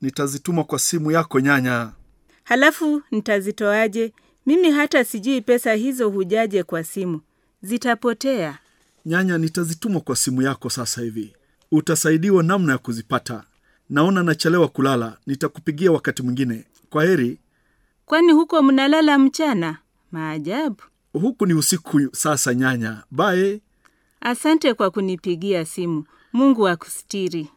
nitazituma kwa simu yako nyanya. Halafu nitazitoaje? Mimi hata sijui pesa hizo hujaje kwa simu, zitapotea. Nyanya, nitazituma kwa simu yako sasa hivi, utasaidiwa namna ya kuzipata. Naona nachelewa kulala, nitakupigia wakati mwingine. Kwa heri. Kwani huko mnalala mchana? Maajabu. Huku ni usiku sasa, nyanya. Bae. Asante kwa kunipigia simu. Mungu akustiri